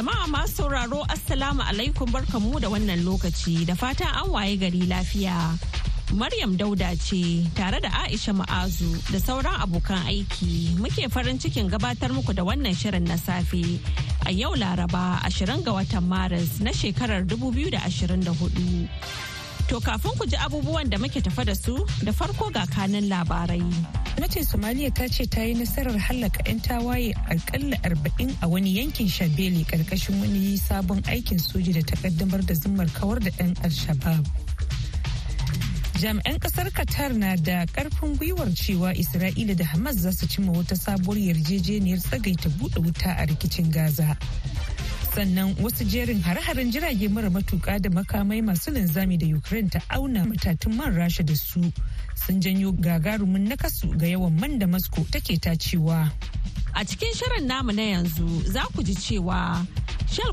Jama'a masu sauraro Assalamu alaikum barkamu da wannan lokaci da fatan an waye gari lafiya. Maryam Dauda ce tare da Aisha Ma'azu da sauran abokan aiki muke farin cikin gabatar muku da wannan shirin na safe a yau Laraba 20 ga watan Maris na shekarar 2024. To kafin ku ji abubuwan da muke tafa da su da farko ga kanin labarai. gwamnatin somaliya ta ce ta yi nasarar hallaka 'yan tawaye akalla 40 a wani yankin shabeli karkashin wani sabon aikin soji da ta ƙaddamar da zimmar kawar da 'yan al-shabab jami'an kasar qatar na da karfin gwiwar cewa isra'ila da hamas za su cimma wata sabuwar yarjejeniyar tsagaita buɗe wuta a rikicin gaza sannan wasu jerin hare-haren jirage mara matuka da makamai masu linzami da ukraine ta auna matatun man rasha da su sun janyo gagarumin nakasu ga yawan man da moscow take tacewa a cikin shirin namu na yanzu za ku ji cewa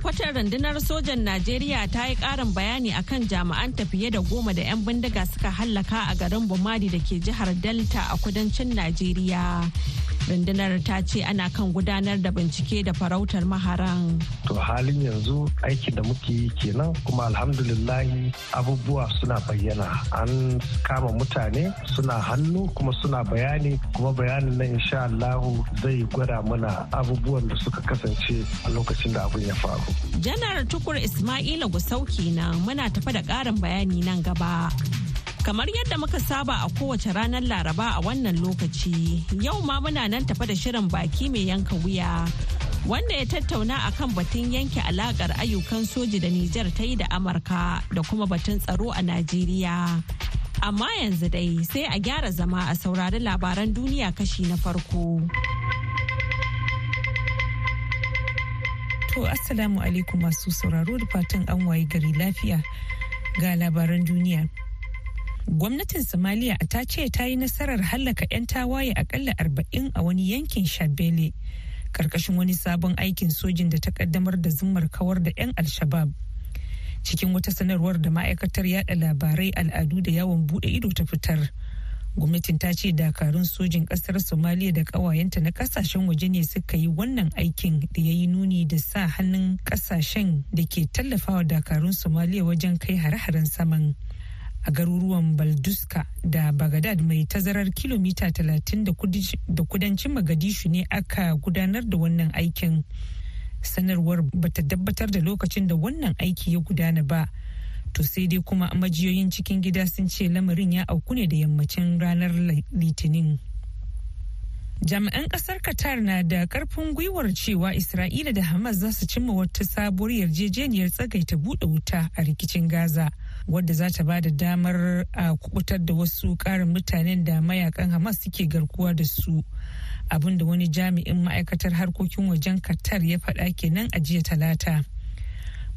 kwatar rundunar sojan najeriya ta yi karin bayani akan jami'an ta fiye da goma da 'yan bindiga suka hallaka a garin bumadi da ke jihar delta a kudancin najeriya rundunar ta ce ana kan gudanar da bincike da farautar maharan to halin yanzu aikin da muke yi kenan kuma alhamdulillah abubuwa suna bayyana an kama mutane suna hannu kuma suna bayani kuma bayanin na insha Allahu zai gwada mana abubuwan da suka kasance a lokacin da abin ya faru janar tukur ismaila gusau kenan muna tafa da ƙarin bayani nan gaba Kamar yadda muka saba a kowace ranar Laraba a wannan lokaci, yau ma muna nan tafa da shirin baki mai yanka wuya. Wanda ya tattauna a kan batun yanke alakar ayyukan soji da Nijar ta yi da Amurka da kuma batun tsaro a Najeriya. Amma yanzu dai sai a gyara zama a saurari labaran duniya kashi na farko. To, Assalamu alaikum masu sauraro da fatan an waye gari lafiya ga labaran duniya. gwamnatin Somalia ta ce ta yi nasarar hallaka 'yan tawaye akalla 40 a wani yankin shabele karkashin wani sabon aikin sojin da ta kaddamar da zumar kawar da 'yan al-shabab cikin wata sanarwar da ma'aikatar yada labarai al'adu da yawon bude ido ta fitar gwamnatin ta ce dakarun sojin kasar somaliya da kawayenta na kasashen waje ne suka yi wannan aikin da ya yi nuni da sa hannun kasashen da ke tallafawa dakarun somaliya wajen kai hare-haren saman a garuruwan balduska da bagadad mai tazarar kilomita 30 da kudancin magadishu ne aka gudanar da wannan aikin sanarwar bata dabbatar da lokacin da wannan aiki ya gudana ba to sai dai kuma majiyoyin cikin gida sun ce lamarin ya auku ne da yammacin ranar litinin jami'an kasar qatar na da karfin gwiwar cewa isra'ila da hamas za su cimma wata sabuwar yarjejeniyar tsagaita buɗe wuta a rikicin gaza wadda za ta ba da damar a kubutar da wasu karin mutanen da mayakan hamas suke garkuwa da su abinda wani jami'in ma'aikatar harkokin wajen qatar ya faɗa kenan a jiya talata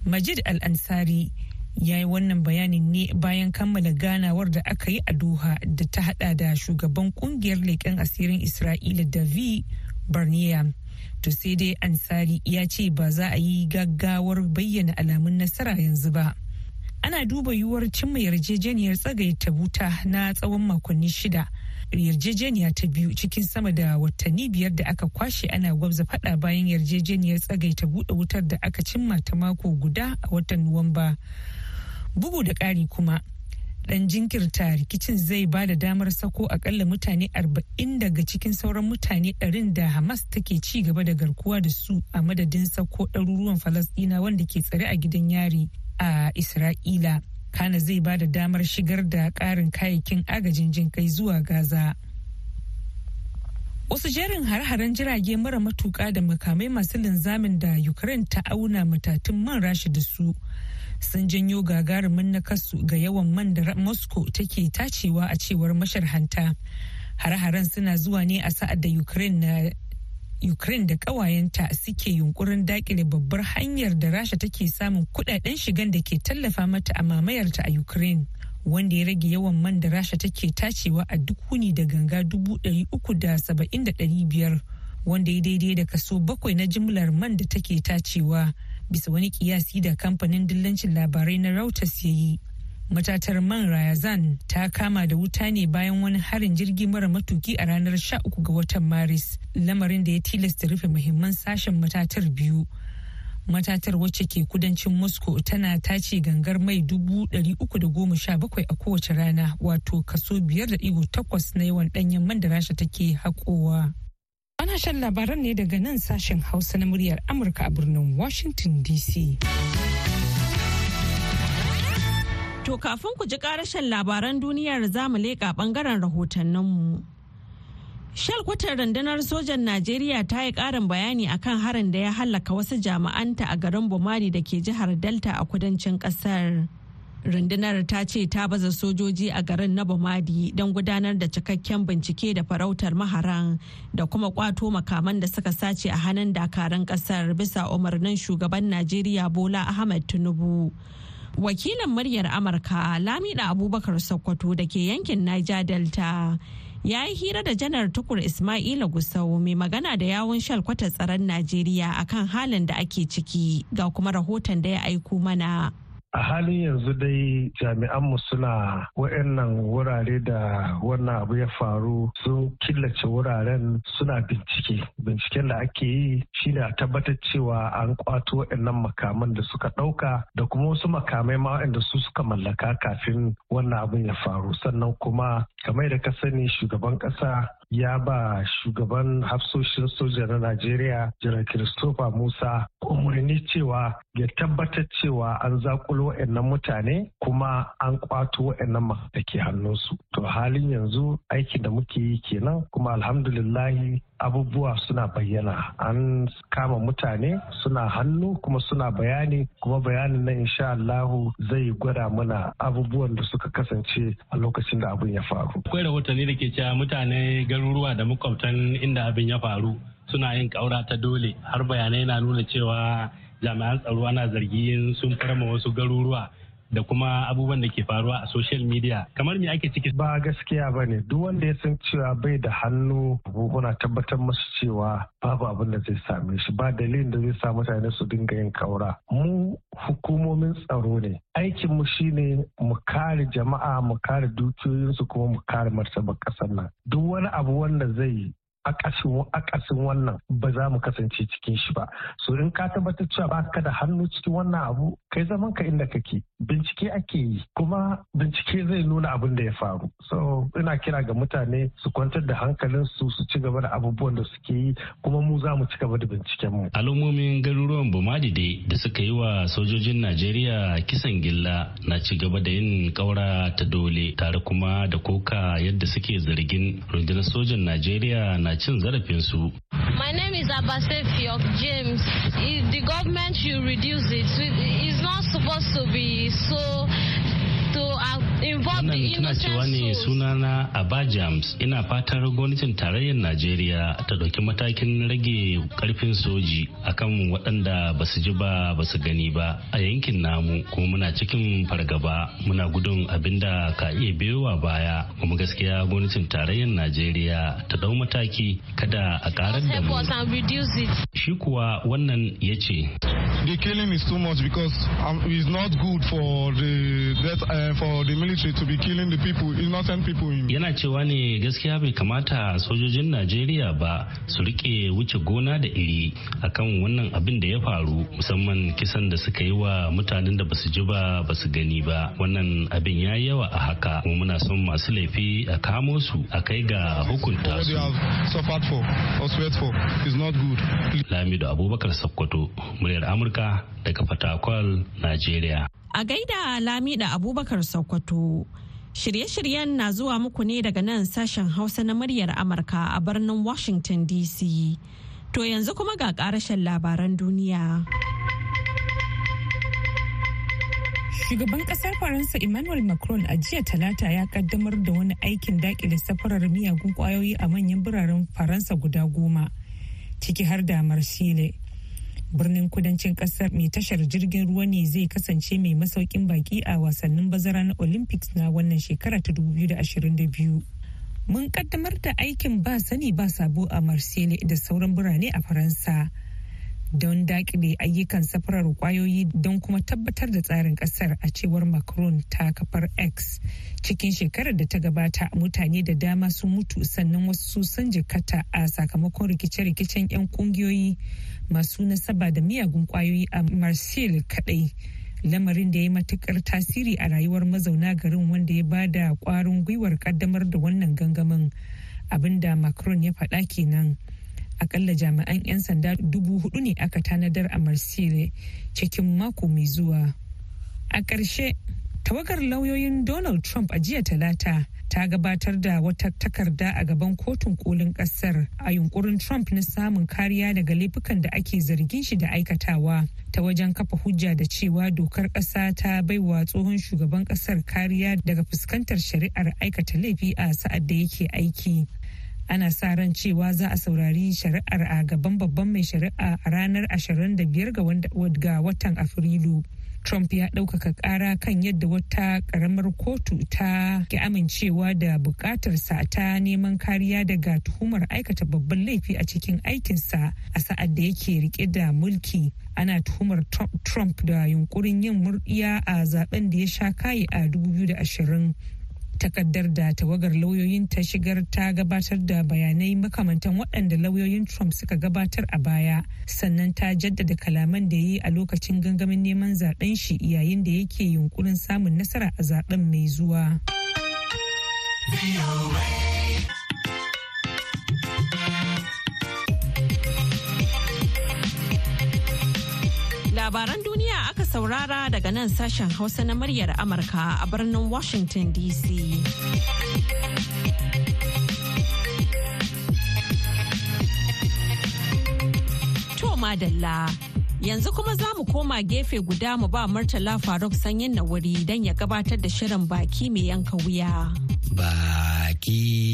majid al-ansari ya yi wannan bayanin ne bayan kammala ganawar da aka yi a doha da ta hada da shugaban kungiyar leƙen asirin isra'ila davi barnea to sai dai ansari ya ce ba za a yi gaggawar bayyana alamun nasara yanzu ba ana duba yiwuwar cimma yarjejeniyar tsagaita buta na tsawon makonni shida yarjejeniya ta biyu cikin sama da watanni biyar da aka kwashe ana gwabza fada bayan yarjejeniyar tsagaita buɗe wutar da aka cimma ta mako guda a watan nuwamba bugu da ƙari kuma ɗan jinkirta rikicin zai ba da damar sako akalla mutane 40 daga cikin sauran mutane 100 da hamas take ci gaba da garkuwa da su a madadin sako ɗaruruwan falasɗina wanda ke tsare a gidan yari a Isra'ila. Kana zai ba da damar shigar da ƙarin kayayyakin agajin jin jinkai zuwa Gaza. Wasu jerin har-haren jirage mara matuƙa da makamai masu linzamin da Ukraine ta auna matatun man rashi da su sun janyo gagarumin nakasu ga yawan man da Moscow take tacewa a cewar mashar hanta Har-haren suna zuwa ne a sa'ad da Ukraine na Ukraine da ƙawayenta suke yunkurin dakile babbar hanyar da Rasha take samun kudaden shigan da ke tallafa mata a mamayarta a Ukraine. Wanda ya rage yawan man da Rasha take tacewa a duk wuni da ganga dubu ɗari uku da saba'in da ɗari biyar wanda ya daidai da kaso bakwai na jimlar man da take tacewa bisa wani kiyasi da kamfanin dillancin labarai na Reuters ya yi. matatar man Rayazan ta kama da wuta ne bayan wani harin jirgi mara matuki a ranar 13 ga watan Maris, lamarin da ya tilasta rufe muhimman sashen matatar biyu. Matatar wacce ke kudancin Moscow tana tace gangar mai dubu da goma sha bakwai a kowace rana wato kaso biyar da takwas na yawan ɗanyen man da rasha take haƙowa. Ana shan labaran ne daga nan sashen Hausa na muryar Amurka a birnin Washington DC. To kafin ku ji karashen labaran duniyar zamu leƙa ɓangaren rahotanninmu. Shalkwatar rundunar sojan Najeriya ta yi ƙarin bayani akan harin da ya hallaka wasu jami'anta a garin Bomari da ke jihar Delta a kudancin ƙasar. Rundunar ta ce ta baza sojoji a garin na Bomadi don gudanar da cikakken bincike da farautar maharan da kuma kwato makaman da suka sace a hannun dakarun ƙasar bisa umarnin shugaban Najeriya Bola Ahmed Tinubu. wakilin muryar amurka lamida abubakar sokoto da ke yankin niger delta ya yi hira da janar tukur ismaila gusau mai magana da yawun shalkwata tsaron najeriya akan halin da ake ciki ga kuma rahoton da ya aiko mana a halin yanzu dai jami'anmu suna wa'annan wurare da wannan abu ya faru sun killace wuraren suna bincike binciken da ake yi shine a tabbatar cewa an kwato wa'annan makaman da suka ɗauka da kuma wasu makamai ma wa'anda su suka mallaka kafin wannan abun ya faru sannan kuma kamar da ka sani shugaban ƙasa ya ba shugaban hafsoshin soja na Najeriya Jiran Christopher Musa umarni cewa ya tabbatar cewa an zakulo wa'annan mutane kuma an kwato wa'annan da ke hannunsu. To halin yanzu aikin da muke yi kenan kuma alhamdulillahi abubuwa suna bayyana an kama mutane suna hannu kuma suna bayani kuma bayanin na insha Allahu zai gwada mana abubuwan da suka kasance a lokacin da abin ya faru. Akwai rahotanni da ke cewa mutane garuruwa da makwabtan inda abin ya faru suna yin kaura ta dole har bayanai na nuna cewa jami'an tsaro ana zargin sun farma wasu garuruwa da kuma abubuwan da ke faruwa a social media kamar me ake ciki ba gaskiya ba ne duk wanda ya san cewa bai da hannu muna tabbatar masu cewa babu abin da zai same shi ba dalilin da zai sa mutane su dinga yin kaura mu hukumomin tsaro ne aikin mu shine mu kare jama'a mu kare dukiyoyinsu kuma mu kare martabar kasar nan duk wani abu wanda zai akasin akasin wannan ba za mu kasance cikin shi ba so in ka tabbatar cewa ba ka da hannu cikin wannan abu kai zaman ka inda kake bincike ake yi kuma bincike zai nuna abin da ya faru so ina kira ga mutane su kwantar da hankalin su su ci gaba da abubuwan da suke yi kuma mu za mu ci gaba da binciken mu al'ummomin garuruwan dai da suka yi wa sojojin najeriya kisan gilla na ci gaba da yin kaura ta dole tare kuma da koka yadda suke zargin rundunar sojan najeriya na na cin zarafinsu. My name is Abase Fiok James. the government should reduce it. It's not supposed to be so are tana cewa ne sunana Abba James ina fatar gwamnatin tarayyar Najeriya ta dauki matakin rage karfin soji akan waɗanda ba su ji ba ba su gani ba a yankin namu kuma muna cikin fargaba muna gudun abinda ka iya biyowa baya kuma gaskiya gwamnatin tarayyar Najeriya ta dau mataki kada a karar da mu. Shi kuwa wannan ya ce. The killing is too much because um, it is not good for the death, uh, for for the military to be killing the people, innocent people. Yana cewa ne gaskiya bai kamata sojojin Najeriya ba su rike wuce gona da iri akan wannan abin da ya faru musamman kisan da suka yi wa mutanen da basu ji ba basu gani ba wannan abin ya yawa a haka kuma muna son masu laifi a kamo su a kai ga hukunta su. Lamido Abubakar Sokoto, muryar Amurka daga Fatakwal, Najeriya. A gaida Lamida Abubakar Sokoto. Shirye-shiryen na zuwa muku ne daga nan sashen Hausa na muryar Amurka a birnin Washington DC. To yanzu kuma ga ƙarashen labaran duniya. Shugaban kasar Faransa Emmanuel Macron a jiya talata ya kaddamar da wani aikin dakile safarar miyagun kwayoyi a manyan biraren Faransa guda goma, ciki har da Marseille. birnin kudancin kasar mai tashar jirgin ruwa ne zai kasance mai masaukin baki a wasannin bazara na olympics na wannan shekara ta 2022 mun kaddamar da aikin ba sani ba sabo a marseille da sauran birane a faransa don dakile ayyukan safarar kwayoyi don kuma tabbatar da tsarin kasar a cewar macron ta kafar x cikin shekarar da ta gabata mutane da dama sun mutu sannan wasu sun jikata a sakamakon rikice-rikicen 'yan kungiyoyi masu nasaba da miyagun kwayoyi a marseille kadai lamarin da ya yi matukar tasiri a rayuwar mazauna garin wanda ya ba da kwarin gwiwar kaddamar da wannan gangamin abinda macron ya faɗa kenan. akalla jami'an 'yan sanda dubu hudu ne aka tanadar a marsile cikin mako mai zuwa a ƙarshe tawagar lauyoyin donald trump a jiya talata ta gabatar da wata takarda a gaban kotun kolin kasar a yunkurin trump na samun kariya daga laifukan da ake zargin shi da aikatawa ta wajen kafa hujja da cewa dokar ƙasa ta baiwa tsohon shugaban ƙasar kariya daga fuskantar shari'ar aikata laifi a sa'ad da yake aiki ana sa ran cewa za a saurari shari'ar a gaban babban mai shari'a a ranar 25 ga watan afrilu Trump ya ɗaukaka ƙara kan yadda wata ƙaramar kotu ta ki amincewa da buƙatarsa ta neman kariya daga tuhumar aikata babban laifi a cikin aikinsa a sa'ad da yake rike da mulki. Ana tuhumar Trump da yunkurin yin murɗiya a zaben da ya sha kayi a 2020. takardar da tawagar lauyoyin ta shigar ta gabatar da bayanai makamantan waɗanda lauyoyin trump suka gabatar a baya sannan ta jaddada kalaman da yi a lokacin gangamin neman zaɓen shi yayin da yake yunkurin samun nasara a zaɓen mai zuwa labaran duniya saurara daga nan sashen Hausa na muryar Amurka a birnin Washington DC. To madalla. Yanzu kuma za mu koma gefe guda mu ba Murtala Faruk sanyin na wuri don ya gabatar da shirin baki mai yanka wuya. Baki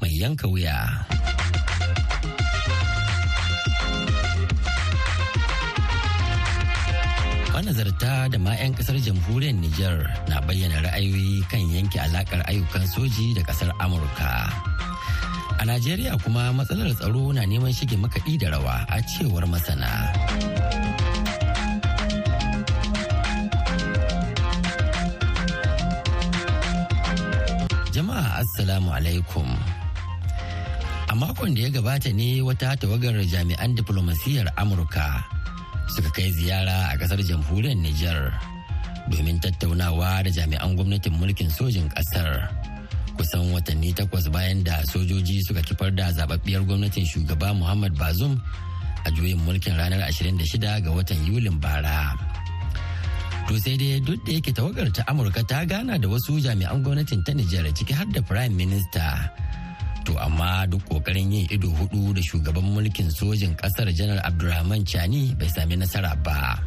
mai yanka wuya. manazarta da ma 'yan kasar jamhuriyar Nijar na bayyana ra'ayoyi kan yanke alakar ayyukan soji da kasar Amurka. A Najeriya kuma matsalar tsaro na neman shige makaɗi da rawa a cewar masana. Jama'a Assalamu alaikum. A makon da ya gabata ne wata tawagar jami'an diflomasiyyar Amurka suka kai ziyara a kasar jamhuriyar Nijar domin tattaunawa da jami'an gwamnatin mulkin sojin kasar. Kusan watanni takwas bayan da sojoji suka kifar da zababbiyar gwamnatin shugaba Muhammad Bazum a juyin mulkin ranar 26 ga watan Yulin bara. To sai dai duk da yake tawagar ta Amurka ta gana da wasu jami'an gwamnatin ta Nijar ciki har da Prime Minister to amma duk kokarin yin ido hudu da shugaban mulkin sojin kasar janar abdulrahman chani bai sami nasara ba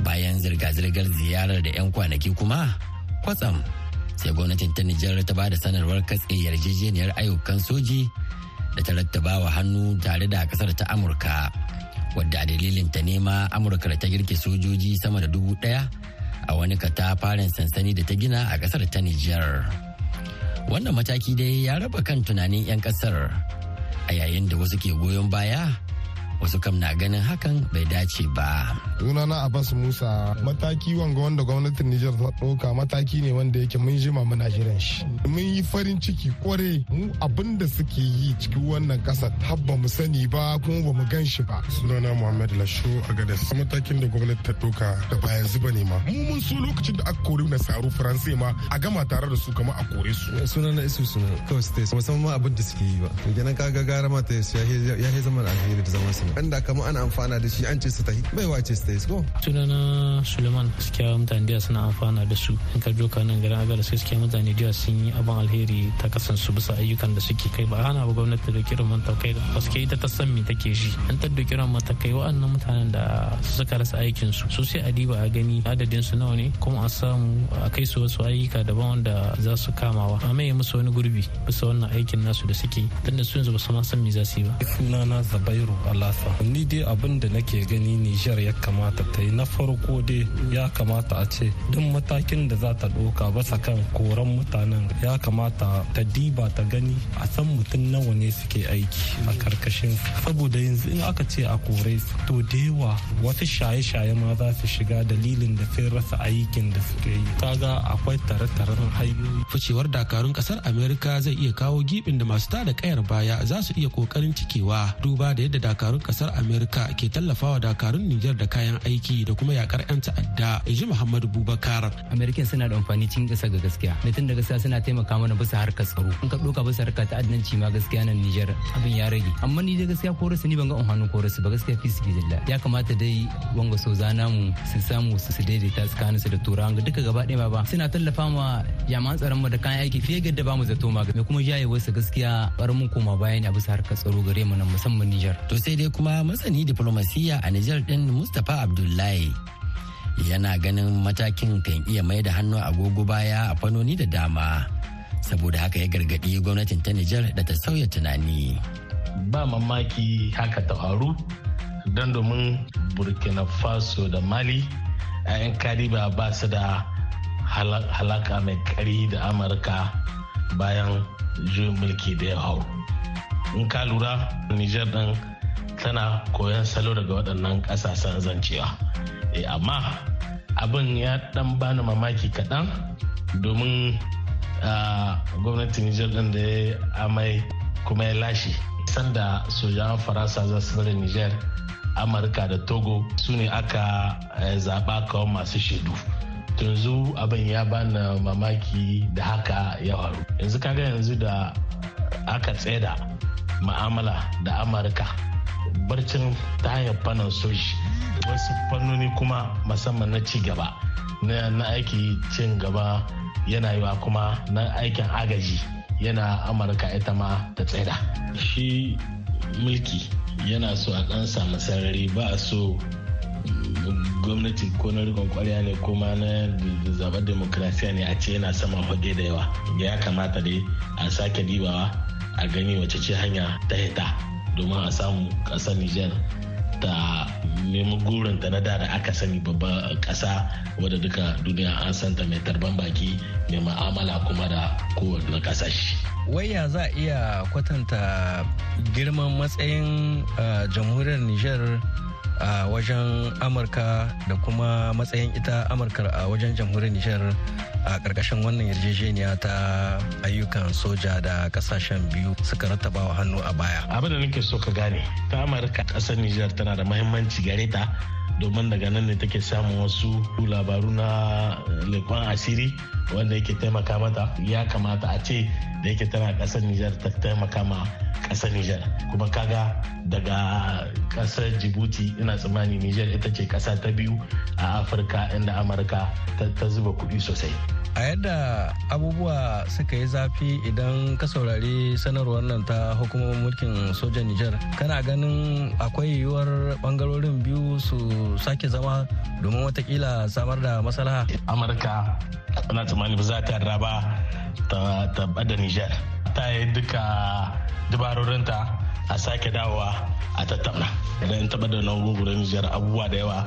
bayan zirga-zirgar ziyarar da 'yan kwanaki kuma kwatsam sai gwamnatin ta nijar ta ba da sanarwar katse yarjejeniyar ayyukan soji da ta rattaba wa hannu tare da kasar ta amurka wadda dalilin ta nema amurka da ta girke sojoji sama da dubu daya a wani katafaren sansani da ta gina a kasar ta nijar. wannan mataki dai ya raba kan tunanin 'yan kasar a yayin da wasu ke goyon baya wasu kam na ganin hakan bai dace ba sunana abbas musa mataki wanga wanda gwamnatin nijar ta ɗauka mataki ne wanda yake mun jima muna shirin shi mun yi farin ciki kware mu abin da suke yi cikin wannan ƙasa tabba mu sani ba kuma ba mu gan shi ba sunana muhammad lasho a gadas matakin da gwamnati ta ɗauka da ba yanzu ba ne ma mu mun so lokacin da aka kori na tsaro faransa ma a gama tare da su kamar a kore su sunana isu suna kawai su sama abin da suke yi ba to kaga gara ma ta ya zama alheri da zaman su an da ana amfana da shi an ce su tahi bai wace su tahi su go. sunana suleiman gaskiya mutane da suna amfana da su in ka nan garin sai gaskiya mutane da sun yi abin alheri ta kasan su bisa ayyukan da suke kai ba hana ba gwamnati da kiran matakai gaske ita ta san me take shi an ta da kiran matakai wa'annan mutanen da suka rasa aikin su su sai a diba a gani adadin su nawa ne kuma a samu a kai su wasu ayyuka daban wanda za su kamawa a mai musu wani gurbi bisa wannan aikin nasu da suke tunda su yanzu ba su ma san me za su yi ba. sunana zabairu alas ni dai abin da nake gani nijar ya kamata ta yi na farko dai ya kamata a ce duk matakin da za ta ɗauka basa kan koran mutanen ya kamata ta diba ta gani a san mutum nawa ne suke aiki a karkashin saboda yanzu in aka ce a kore to da yawa wasu shaye-shaye ma za su shiga dalilin da sai rasa aikin da suke yi kaga akwai tare-taren hanyoyi ficewar dakarun kasar amerika zai iya kawo gibin da masu tada kayar baya za su iya kokarin cikewa duba da yadda dakarun kasar Amerika ke tallafawa dakarun Nijar da kayan aiki da kuma yakar 'yan ta'adda ya ji Muhammadu Bubakar. Amerikan suna da amfani cikin gasa ga gaskiya. Mutum da gaskiya suna taimaka mana bisa harkar tsaro. In ka ɗauka bisa harkar ta'addanci ma gaskiya nan Nijar abin ya rage. Amma ni da gaskiya ko rasu ni ban ga amfanin ko rasu ba gaskiya fi su Ya kamata dai wanga so zana mu su samu su daidaita tsakaninsu da turawa duka gaba ɗaya ba. Suna tallafa ma jami'an tsaron mu da kayan aiki fiye da ba zato magani. mai kuma jaye wasu gaskiya bar mun koma baya ne a bisa harkar tsaro gare mu nan musamman Niger. To sai dai kuma masani diplomasiya a Niger din Mustapha Abdullahi yana ganin matakin kan iya mai da hannu agogo baya a fannoni da dama saboda haka ya gargaɗi gwamnatin ta Niger da ta sauya tunani. Ba mamaki haka ta faru don domin burkina faso da mali a 'yan kariba ba su da halaka mai kari da amurka bayan juyin mulki da ya hau in ka lura Nijar din tana koyon salo daga waɗannan ƙasashen zancewa eh, amma abin ya ɗan bani mamaki kaɗan domin ah, gwamnatin Nijar din da ya amai kuma ya lashe sanda sojan faransa za su da niger amurka da togo su ne aka eh, zaɓa kawo masu shaidu yanzu abin ya bani mamaki da haka ya faru yanzu kaga yanzu da aka tseda ma'amala da amurka barcin ta hanyar fannin soshi wasu fannoni kuma musamman na ci gaba na aiki cin gaba yana yiwa kuma na aikin agaji yana amurka ita ma ta tseda shi mulki yana so a ɗan samu sarari ba a so gwamnati ko na rikon kwarya ne ko ma na zaɓar demokrasiya ne a ce yana sama fage da yawa ya kamata dai a sake dibawa a gani wace ce hanya ta hita domin a samu ƙasar niger ta nemi gurinta na da da aka sani babba ƙasa wadda duka duniya an santa mai tarban baki mai ma'amala kuma da kowane ƙasashe. waya za a iya kwatanta girman matsayin eh, jamhuriyar niger a wajen amurka da kuma matsayin ita Amurka a wajen jamhuriyar nijar a ƙarƙashin wannan yarjejeniya ta ayyukan soja da ƙasashen biyu suka rattaba wa hannu a baya abin da nake so ka gane ta amurka ƙasar nijar tana da mahimmanci gare ta domin daga nan ne take samun wasu labaru na eh, lekwan asiri wanda yake taimaka mata ya kamata a ce da yake tana kasar Nijar ta taimaka ma kasar Nijar kuma kaga daga kasar jibuti ina ana tsammani Nijar ita ce kasa ta biyu a Afirka inda Amurka ta zuba kuɗi sosai. A yadda abubuwa suka yi zafi idan ka saurari sanarwar nan ta hukumar mulkin sojan Nijar, kana ganin akwai yiwuwar bangarorin biyu su sake zama domin watakila samar da masalaha. Amurka ana tsammani ba za ta raba ta bada Nijar. ta yi duka dabarorinta a sake dawowa a tattauna idan taɓa da nan gungunan nijar abubuwa da yawa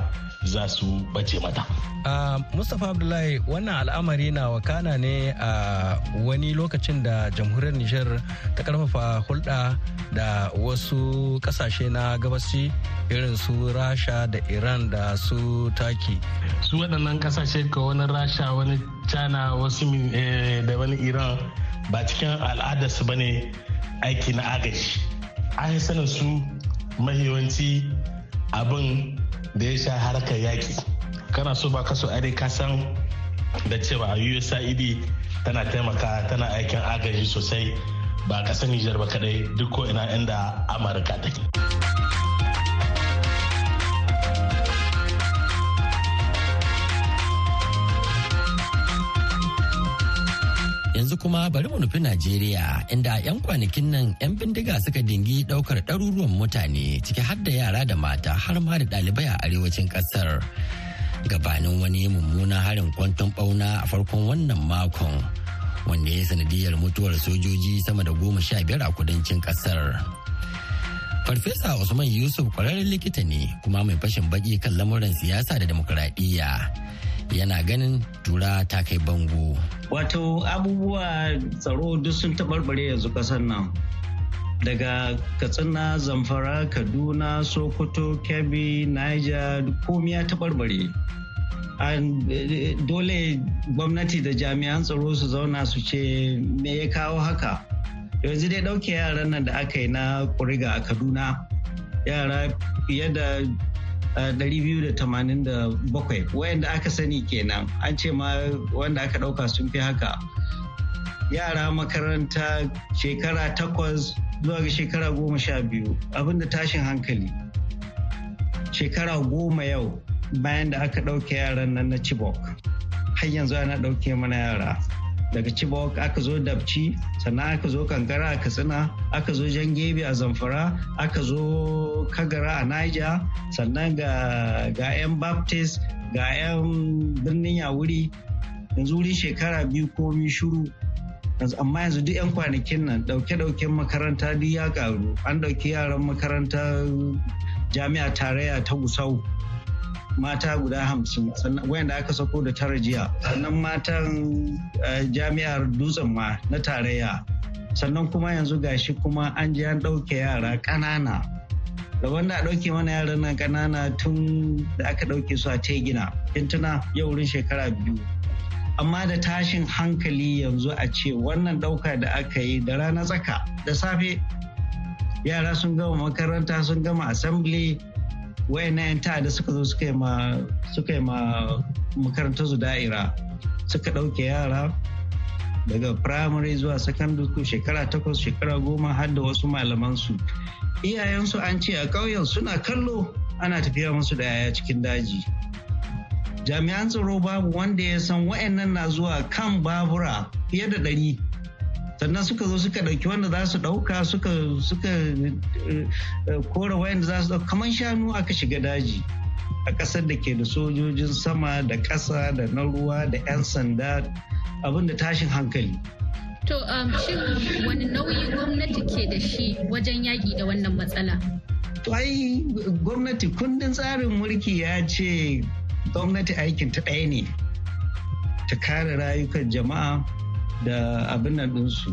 za su bace mata. Ah, Mustapha Abdullahi wannan al'amari na wakana ne a wani lokacin da jamhuriyar Nijar ta karfafa hulɗa da wasu ƙasashe na gabashi irin su Rasha da Iran da su Taki. Su waɗannan ƙasashe ka wani Rasha wani China wasu eh, da wani Iran ba cikin al'adarsu ba ne aiki na agaji an yi sanin su mahiyawanci abin da ya sha harkar yaƙi kana so ba kaso are ka san da cewa usaid tana taimaka tana aikin agaji sosai ba ƙasar nijar ba kadai duk ko ina inda amurka take. yanzu kuma bari mu nufi najeriya inda 'yan kwanakin nan 'yan bindiga suka dingi daukar ɗaruruwan mutane ciki har da yara da mata har ma da ɗalibai a arewacin ƙasar gabanin wani mummuna harin kwanton ɓauna a farkon wannan makon wanda ya sanadiyar mutuwar sojoji sama da goma sha biyar a kudancin ƙasar. Farfesa Usman Yusuf kwararren likita ne kuma mai fashin baki kan lamuran siyasa da demokuraɗiyya. Yana ganin tura ta kai bango. Wato abubuwa tsaro duk sun taɓarɓare yanzu ƙasar nan. daga katsina zamfara kaduna sokoto kebbi niger komi ya taɓarɓare eh, dole gwamnati da jami'an tsaro su zauna su ce me ya kawo haka yanzu dai ɗauke yaran nan da aka yi na kuriga a kaduna yara fiye da 287 wayanda aka sani kenan an ce ma wanda aka ɗauka sun fi haka yara makaranta shekara takwas zuwa ga shekara goma sha biyu abinda tashin hankali shekara goma yau bayan da aka ɗauke yaran nan na chibok har yanzu ana ɗauke mana yara daga Chibok aka zo Dabci sannan aka zo Kankara a Katsina aka zo Jangebe a Zamfara aka zo Kagara a Niger sannan ga ga 'yan Baptist ga 'yan birnin Yawuri yanzu wurin shekara biyu komi shuru amma yanzu duk 'yan kwanakin nan dauke-dauken makaranta duk ya karu an dauki yaran makarantar jami'a tarayya ta gusau mata guda hamsin wayanda aka sako da tara jiya sannan matan eh, jami'ar dutsen ma na tarayya sannan kuma yanzu gashi kuma an ji an ɗauke yara ƙanana da wanda a ɗauke mana yaran nan ƙanana tun da aka ɗauke su a tegina tuna yau wurin shekara biyu amma da tashin hankali yanzu a ce wannan ɗauka da aka yi da rana tsaka da safe yara sun gama makaranta sun gama assembly na yan ta'adda suka zo suka yi ma suka su da'ira suka ɗauke yara daga primary zuwa secondary school shekara takwas shekara goma har da wasu malamansu iyayensu an ce a ƙauyen suna kallo ana tafiya musu da yaya cikin daji jami'an tsaro babu wanda ya san wa'annan na zuwa kan babura fiye da ɗari sannan suka zo suka ɗauki wanda za su ɗauka suka eh, eh, kora wayan da za su ɗauka kamar shanu aka shiga daji a ƙasar da ke da sojojin sama da ƙasa da na ruwa da 'yan sanda abin da tashin hankali to um, shin wani nauyi gwamnati ke da shi wajen yaƙi da wannan matsala to ai gwamnati kundin tsarin mulki ya ce gwamnati aikin ta ɗaya ne ta kare rayukan jama'a da abin nan ɗinsu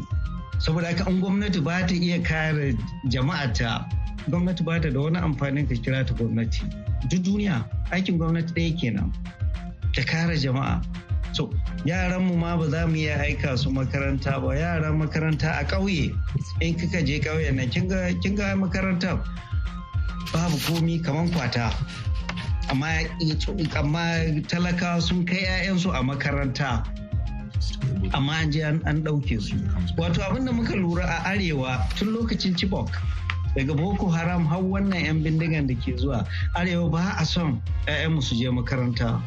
saboda haka in gwamnati ba ta iya kare jama'ata gwamnati ba ta da wani amfanin ka kira ta gwamnati duk duniya aikin gwamnati ɗaya kenan ta kare jama'a so yaran mu ma ba za mu iya aika su makaranta ba yaran makaranta a ƙauye in kika je ƙauye na kin ga makaranta babu komi kamar kwata amma eh, talaka sun kai 'ya'yansu a makaranta amma an je an ɗauke su wato abinda muka lura a arewa tun lokacin chibok daga boko haram har wannan 'yan bindigan da ke zuwa arewa ba a son 'ya'yanmu su je makaranta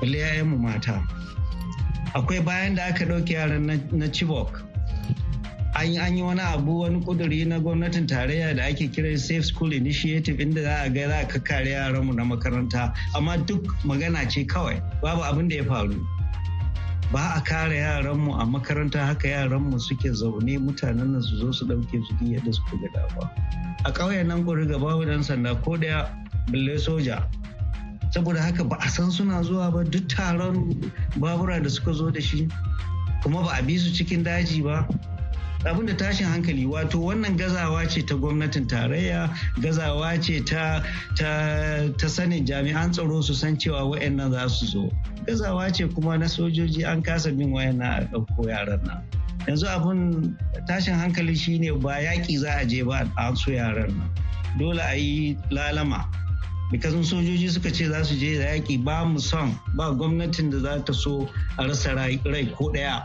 wale 'ya'yanmu mata akwai bayan da aka ɗauke yaran na chibok an yi wani abu wani kuduri na gwamnatin tarayya da ake kira safe school initiative inda za a ga za a kakkare yaranmu na makaranta amma duk magana ce kawai babu abin da ya faru ba a kare yaranmu a makaranta haka yaranmu suke zaune mutanen nan su zo su ɗauke su yadda su ga dawa a ƙauyen nan gori gaba dan sanda ko da balle soja saboda haka ba a san suna zuwa ba duk taron babura da suka zo da shi kuma ba a bi su cikin daji ba abin da tashin hankali wato wannan gazawa ce ta gwamnatin tarayya gazawa ce ta ta sanin jami'an tsaro su san cewa wayannan za su zo gazawa ce kuma na sojoji an kasa bin wayannan a ɗauko yaran nan yanzu abin tashin hankali shine ba yaƙi za a je ba a so yaran nan dole a yi lalama bikazin sojoji suka ce za su je da yaƙi ba mu son ba gwamnatin da za ta so a rasa rai ko ɗaya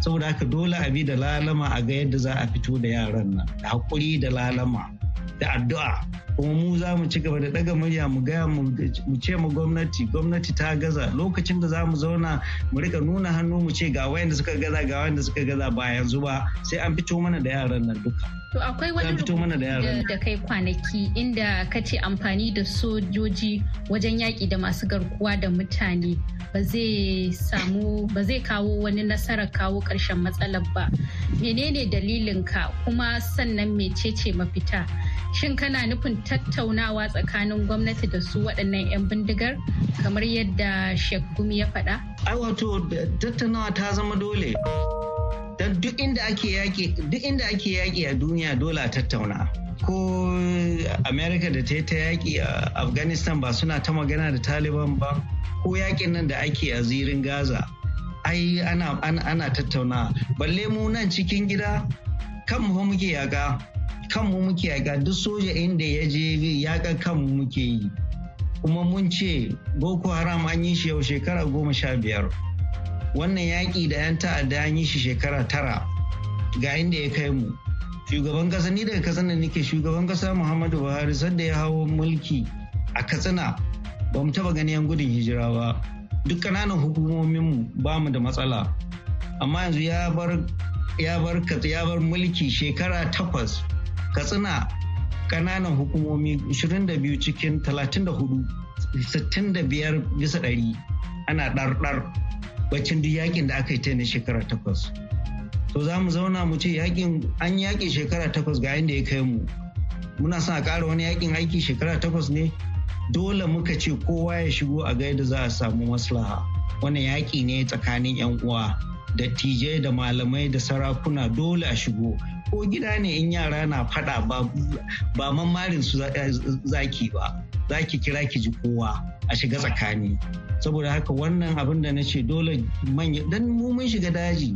saboda haka dole a bi da lalama a ga yadda za a fito da yaran nan da hakuri da lalama da addu'a kuma mu za mu ci gaba da daga murya mu gaya mu ce mu gwamnati gwamnati ta gaza lokacin da za mu zauna mu rika nuna hannu mu ce ga wayanda suka gaza ga wayanda suka gaza ba yanzu ba sai an fito mana da yaran nan duka To akwai wani rubutu da kai kwanaki inda ka ce amfani da sojoji wajen yaƙi da masu garkuwa da mutane ba zai samu ba zai kawo wani nasarar kawo ƙarshen matsalar ba. Menene dalilinka kuma sannan mecece mafita? Shin kana nufin tattaunawa tsakanin gwamnati da su waɗannan 'yan bindigar kamar yadda Sheikh Gumi ya faɗa? Ai wato tattaunawa ta zama dole. don duk inda ake yaƙi duk inda ake yaƙi a duniya dole a tattauna ko america da ta yi ta yaƙi a afghanistan ba suna ta magana da taliban ba ko yaƙin nan da ake a zirin gaza ai ana ana tattauna balle mu nan cikin gida kanmu fa muke yaƙa mu muke yaƙa duk soja inda ya je yaƙa kanmu muke yi kuma mun ce boko haram an yi shi yau shekara goma sha biyar wannan yaƙi da 'yan ta'adda an yi shi shekara tara ga inda ya kai mu shugaban ƙasa ni daga kasan da nake shugaban ƙasa muhammadu buhari sadda ya hawo mulki a katsina ba mu taɓa ganin 'yan gudun hijira ba duk ƙananan hukumominmu ba mu da matsala amma yanzu ya bar ya bar ya bar mulki shekara takwas katsina ƙananan hukumomi 22 cikin 34 65 bisa ɗari ana ɗarɗar baccin duk yakin da aka yi ta na shekara takwas to za mu zauna mu ce yakin an yaƙi shekara takwas ga inda ya kai mu muna son a ƙara wani yakin aiki shekara takwas ne dole muka ce kowa ya shigo a gaida za a samu maslaha wannan yaƙi ne tsakanin 'yan uwa da tijai da malamai da sarakuna dole a shigo ko gida ne in yara na faɗa ba mamarin su zaki ba za ki kira ki ji kowa a shiga tsakani saboda haka wannan abin da na ce dole manya dan mu mun shiga daji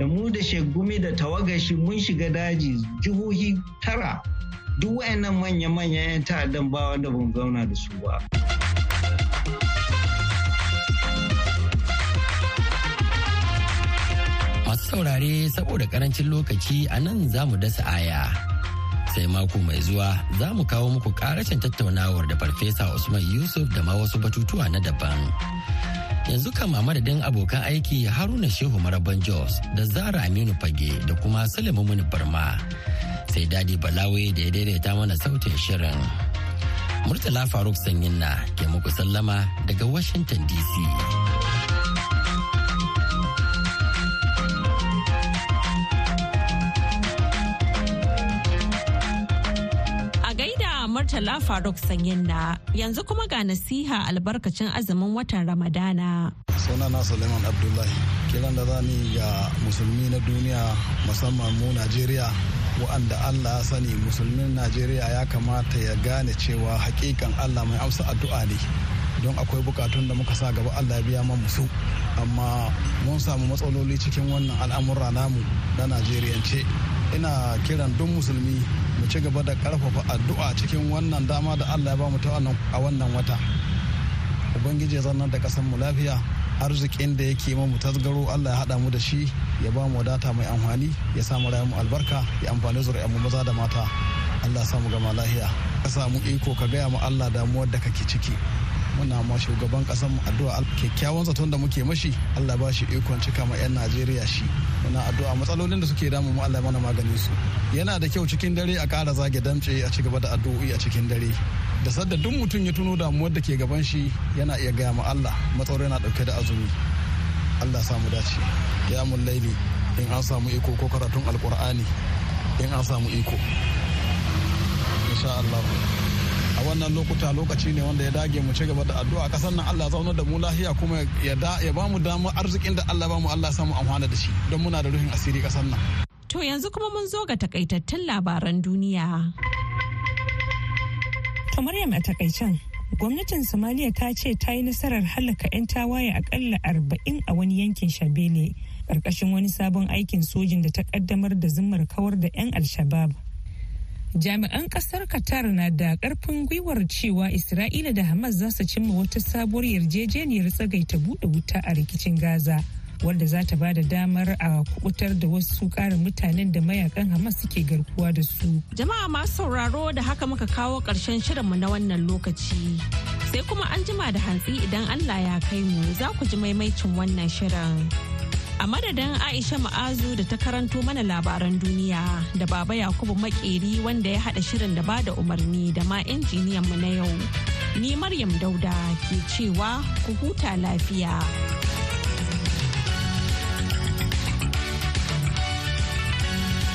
da mu da shegumi da tawagashi mun shiga daji jihohi tara duk wayannan manya-manya 'yan ta'addan ba wanda ban zauna da su ba. masu saurare saboda karancin lokaci a nan za mu dasa aya sai mako mai zuwa za mu kawo muku karashin tattaunawar da farfesa usman yusuf da ma wasu batutuwa na daban yanzu kan a madadin abokan aiki haruna shehu maraban jos da zara aminu fage da kuma mini barma sai dadi balawe da ya daidaita mana sautin shirin murtala faruk sanyin na ke muku sallama daga washington dc Murtala Faruk na yanzu kuma ga nasiha albarkacin azumin watan Ramadana. Sunana Suleiman Abdullahi kiran da za ni ga musulmi na duniya musamman mu Najeriya wa'anda Allah ya sani musulmin Najeriya ya kamata ya gane cewa hakikan Allah mai amsa addu'a ne don akwai bukatun da muka sa gaba Allah ya biya mu musu amma mun samu matsaloli cikin wannan al'amura namu na Najeriyance ina kiran duk musulmi ci gaba da karfafa addu'a cikin wannan dama da allah ya bamu ta a wannan wata ubangiji zannar da kasan mu lafiya arzikin da yake mu tasgaro allah ya hada mu da shi ya ba mu wadata mai amfani ya samu rayuwar mu albarka ya amfani zuri'ar mu maza da mata allah ya samu gama lahiya ka samu iko ka gaya mu allah damuwar da kake ciki muna ma shugaban kasan mu addu'a kyakkyawan zaton da muke mashi allah ba shi ikon cika ma 'yan najeriya shi muna addu'a matsalolin da suke damu mu Allah mana maganin su yana da kyau cikin dare a ƙara zage damce a ci gaba da addu'o'i a cikin dare da sadda duk mutum ya tuno damuwar da ke gaban shi yana iya gaya ma Allah matsaro yana dauke da azumi Allah samu dace ya mun laili in an samu iko ko karatun Alqur'ani in an samu iko insha Allah wannan lokuta lokaci ne wanda ya dage mu ci gaba da addu'a kasar nan Allah zauna da mu lahiya kuma ya da ya ba mu damar arzikin da Allah ba mu Allah samu amfana da shi don muna da ruhin asiri kasar nan to yanzu kuma mun zo ga takaitattun labaran duniya to Maryam a takaicen gwamnatin somalia ta ce ta yi nasarar halaka 'yan tawaye akalla 40 a wani yankin shabele ƙarƙashin wani sabon aikin sojin da ta ƙaddamar da zimmar kawar da 'yan al-shabab jami'an kasar qatar na da karfin gwiwar cewa isra'ila da hamas za su cimma wata sabuwar yarjejeniyar tsagaita buɗe wuta a rikicin gaza wadda za ta ba da damar a kubutar da wasu karin mutanen da mayakan hamas suke garkuwa da su jama'a masu sauraro da haka muka kawo ƙarshen shirinmu na wannan lokaci sai kuma an jima da hantsi idan allah ya kai mu za ku ji maimaicin wannan shirin. A madadin Aisha Ma'azu da ta karanto mana labaran duniya da Baba Yakubu Makeri wanda ya haɗa shirin da bada umarni da ma mu na yau. Ni Maryam Dauda ke cewa ku huta lafiya.